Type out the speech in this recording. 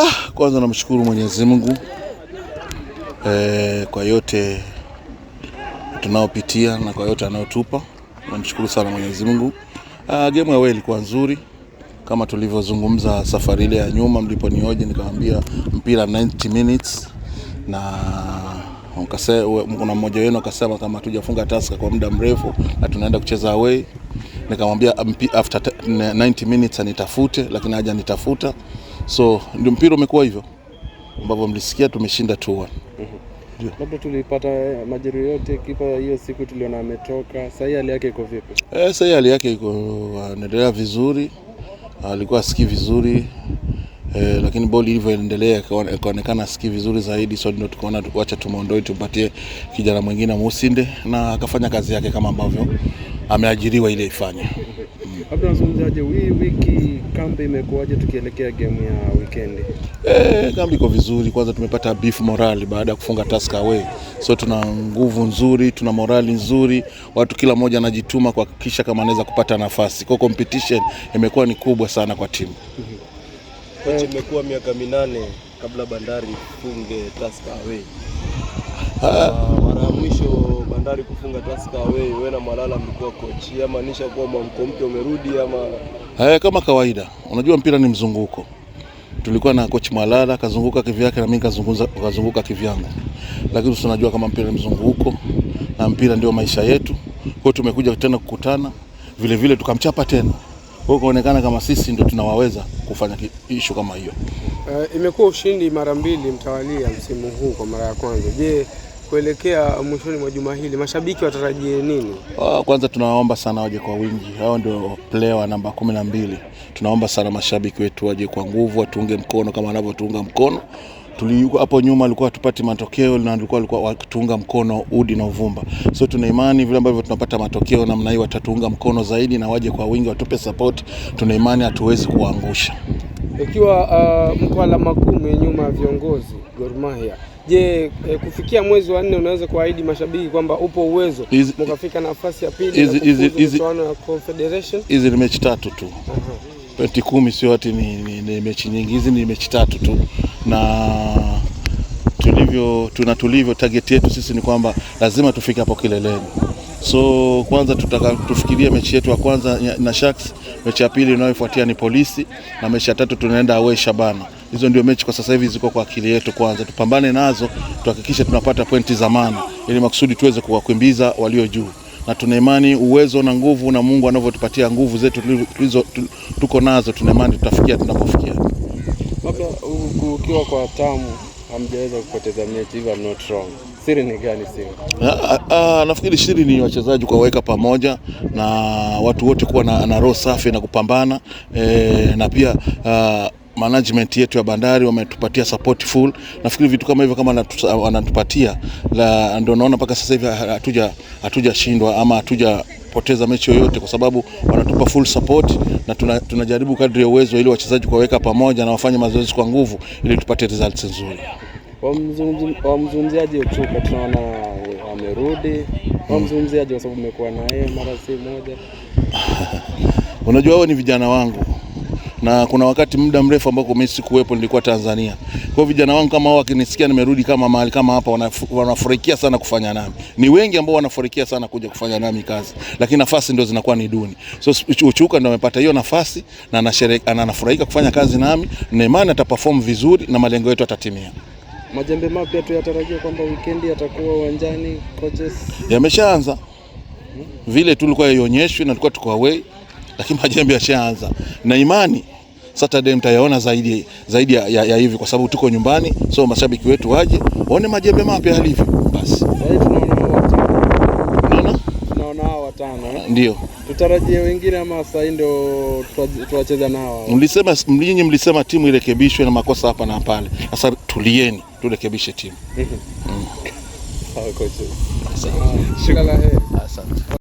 Ah, kwanza namshukuru Mwenyezi Mungu e, kwa yote tunaopitia na kwa yote anayotupa. Namshukuru sana Mwenyezi Mungu. Ah, game ya ilikuwa nzuri kama tulivyozungumza safari ile ya nyuma mliponioje, nikamwambia mpira 90 minutes na kuna mmoja wenu akasema kama hatujafunga taska kwa muda mrefu na tunaenda kucheza away, nikamwambia after 90 minutes anitafute, lakini haja nitafuta So ndio mpira umekuwa hivyo ambavyo mlisikia tumeshinda 2-1. Mm Labda tulipata majeruhi yote, kipa hiyo siku tuliona ametoka. Sasa hali yake iko vipi? Eh, sasa hali yake iko anaendelea vizuri, alikuwa asikii vizuri eh, lakini boli ilivyoendelea ikaonekana asikii vizuri zaidi, so ndio tukaona tuacha tumuondoe, tumpatie kijana mwingine Musinde, na akafanya kazi yake kama ambavyo ameajiriwa ile ifanye. Mhm. Labda nazungumzaje, hii wiki kambi imekuwaje tukielekea game ya weekend? Eh, kambi iko vizuri. Kwanza tumepata beef morali baada ya kufunga task away, so tuna nguvu nzuri, tuna morali nzuri, watu kila mmoja anajituma kuhakikisha kama anaweza kupata nafasi. Kwa competition imekuwa ni kubwa sana kwa timu mm-hmm. eh. Imekuwa miaka minane kabla Bandari ifunge task away. Ah. Ah, mara mwisho bandari kufunga Tusker away, wewe na Malala mlikuwa coach, yamaanisha maanisha kuwa mwamko mpya umerudi ama haya? Kama kawaida, unajua mpira ni mzunguko. Tulikuwa na coach Malala kazunguka kivyake na mimi kazunguka kazunguka kivyangu, lakini sisi tunajua kama mpira ni mzunguko na mpira ndio maisha yetu. Kwa tumekuja tena kukutana vile vile, tukamchapa tena kwa kuonekana kama sisi ndio tunawaweza kufanya issue kama hiyo. Uh, imekuwa ushindi mara mbili mtawalia msimu huu kwa mara ya kwanza. Je, kuelekea mwishoni mwa juma hili, mashabiki watarajie nini? Ah, kwanza tunaomba sana waje kwa wingi, hao ndio player namba kumi na mbili. Tunaomba sana mashabiki wetu waje kwa nguvu, watuunge mkono kama wanavyotuunga mkono hapo nyuma alikuwa tupati matokeo na alikuwa alikuwa wakituunga mkono udi na uvumba. So tuna imani vile ambavyo tunapata matokeo namna hii watatuunga mkono zaidi, na waje kwa wingi watupe support. Tuna imani hatuwezi kuwaangusha. Ikiwa uh, ah, mko alama kumi nyuma ya viongozi Gor Mahia Je, eh, kufikia mwezi wa nne unaweza kuahidi mashabiki kwamba upo uwezo mkafika nafasi ya pili ya Confederation? Hizi ni mechi tatu tu. Pointi kumi sio ati ni, ni, ni mechi nyingi. Hizi ni mechi tatu tu na tulivyo tuna tulivyo target yetu sisi ni kwamba lazima tufike hapo kileleni. So kwanza tutaka tufikirie mechi yetu ya kwanza na Sharks, mechi ya pili inayofuatia ni Polisi na mechi ya tatu tunaenda away Shabana. Hizo ndio mechi kwa sasa hivi ziko kwa akili yetu, kwanza tupambane nazo, tuhakikishe tunapata pointi za maana, ili makusudi tuweze kuwakimbiza walio juu, na tuna imani uwezo na nguvu na Mungu anavyotupatia nguvu zetu tulizo tuko nazo, tuna imani tutafikia tunapofikia. Labda ukiwa kwa tamu hamjaweza kupoteza mechi hivi, I'm not wrong. Siri ni gani Simba? Ah, ah, ah, nafikiri siri ni wachezaji kuwaweka pamoja na watu wote kuwa na, na roho safi na kupambana e, na pia a, management yetu ya bandari wametupatia support full. Nafikiri vitu kama hivyo kama wanatupatia la, ndio naona mpaka sasa hivi hatuja hatujashindwa ama hatuja poteza mechi yoyote kwa sababu wanatupa full support na tuna, tunajaribu kadri ya uwezo ili wachezaji kuwaweka pamoja na wafanye mazoezi kwa nguvu ili tupate results nzuri. Wamzungumziaje Ochuka? Tunaona amerudi. Wamzungumziaje kwa sababu mmekuwa naye mara si moja? Unajua, wao ni vijana wangu na kuna wakati muda mrefu ambao mimi sikuwepo, nilikuwa Tanzania. Kwa hiyo vijana wangu kama hao wakinisikia nimerudi kama mahali kama hapa, wanafurahikia sana kufanya nami. Ni wengi ambao wanafurahikia sana kuja kufanya nami kazi, lakini nafasi ndio zinakuwa ni duni. So Uchuka ndio amepata hiyo nafasi na anafurahika kufanya kazi nami, na imani ataperform vizuri na malengo yetu atatimia. Majembe mapya tu yatarajiwa kwamba weekend yatakuwa uwanjani coaches. Yameshaanza hmm? vile tulikuwa ionyeshwe na tulikuwa tuko away lakini majembe yashaanza na imani Saturday mtayaona zaidi, zaidi ya, ya, ya hivi kwa sababu tuko nyumbani, so mashabiki wetu waje waone majembe mapya halivyo. Basi tunaona hao watano eh? ndio tutarajie wengine, ama sasa hivi ndio tuwacheza nao. Mlisema mlinyi, mlisema timu irekebishwe na makosa hapa na pale. Sasa tulieni, turekebishe timu. Mm. Asante.